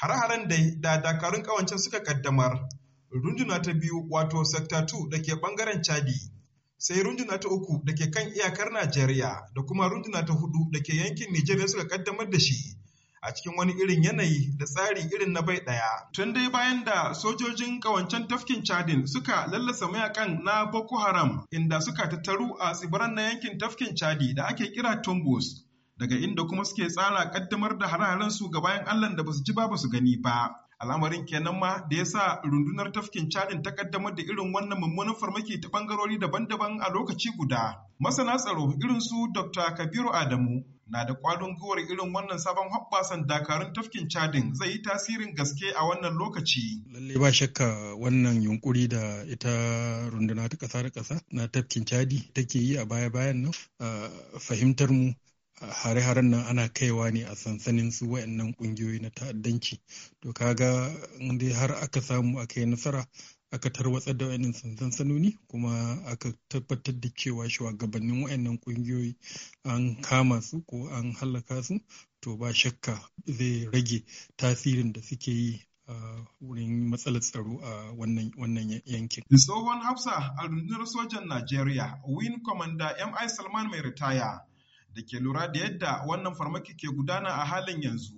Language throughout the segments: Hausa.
hare-haren da dakarun kawancin suka kaddamar runduna ta biyu wato sector 2 da ke bangaren chadi sai runduna ta uku da ke kan iyakar najeriya da kuma runduna ta hudu da ke yankin nigeria suka kaddamar da shi a cikin wani irin yanayi da tsari irin na bai ɗaya. Tun dai bayan da sojojin ƙawancen tafkin Chadin suka lallasa mayakan na Boko Haram inda suka tattaru a tsibiran na yankin tafkin Chadi da ake kira Tombos. daga inda kuma suke tsara kaddamar da hararen su ga bayan Allah da basu ji ba basu gani ba al'amarin kenan ma da ya sa rundunar tafkin cadin ta kaddamar da irin wannan mummunan farmaki ta bangarori daban-daban a lokaci guda masana tsaro irin su dr kabiru adamu na da kwadon gwiwar irin wannan sabon hoɓɓasan dakarun tafkin cadin zai yi tasirin gaske a wannan lokaci. Lalle ba shakka wannan yunkuri da ita runduna ta ƙasa da ƙasa na tafkin cadi take yi a baya bayan nan fahimtar mu hare-haren nan ana kaiwa ne a sansanin su wayannan kungiyoyi na ta'addanci to kaga dai har aka samu aka yi nasara aka tarwatsar da wayannan sansanoni kuma aka tabbatar da cewa shugabannin wayannan kungiyoyi an kama su ko an hallaka su to ba shakka zai rage tasirin da suke yi a wurin matsalar tsaro a wannan yankin. Tsohon Hafsa a rundunar sojan Najeriya, Win Commander MI Salman mai ritaya, da ke lura da yadda wannan farmaki ke gudana a halin yanzu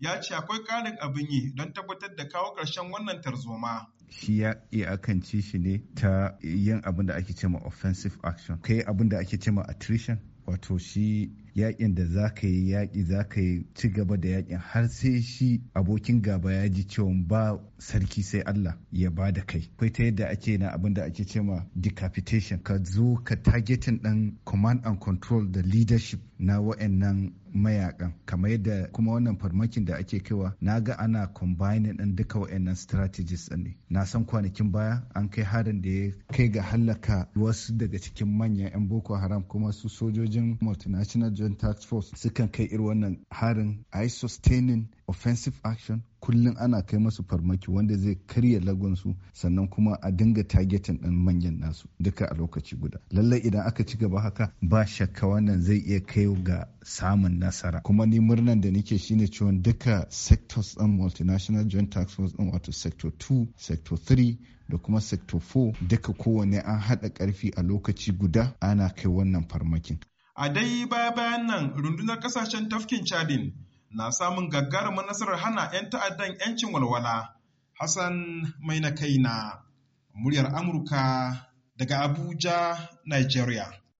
ya ce akwai ƙarin abin yi don tabbatar da kawo ƙarshen wannan tarzoma. shi ya iya akan ci shi ne ta yin abin da ake cema offensive action kai abin da ake cema attrition wato shi yakin da za ka yi yaƙi za ka yi ci gaba da yakin har sai shi abokin gaba ya ji cewa ba sarki sai Allah ya ba da kai akwai ta yadda ake na abin da ake cema decapitation ka zo ka targeting ɗin command and control da leadership na wa'annan mayakan kamar yadda kuma wannan farmakin da ake kaiwa na ga ana combining din duka wa'annan strategies din ne na san kwanakin baya an kai harin da ya kai ga hallaka wasu daga cikin manyan 'yan boko haram kuma su sojojin multinational wajen task force sukan kai irin wannan harin i sustaining offensive action kullum ana kai masu farmaki wanda zai karya lagonsu sannan kuma a dinga targetin ɗin manyan nasu duka a lokaci guda lallai idan aka ci gaba haka ba shakka wannan zai iya kai ga samun nasara kuma ni murnan da nake shine cewa duka sectors ɗin multinational joint task force ɗin wato sector 2 sector 3 da kuma sector 4 duka kowane an haɗa ƙarfi a lokaci guda ana kai wannan farmakin A dai baya-bayan nan rundunar ƙasashen tafkin Chadin na samun gagarumin nasarar hana 'yan ta'addan 'yancin walwala. Hassan mai na kaina, muryar Amurka daga Abuja, Nigeria.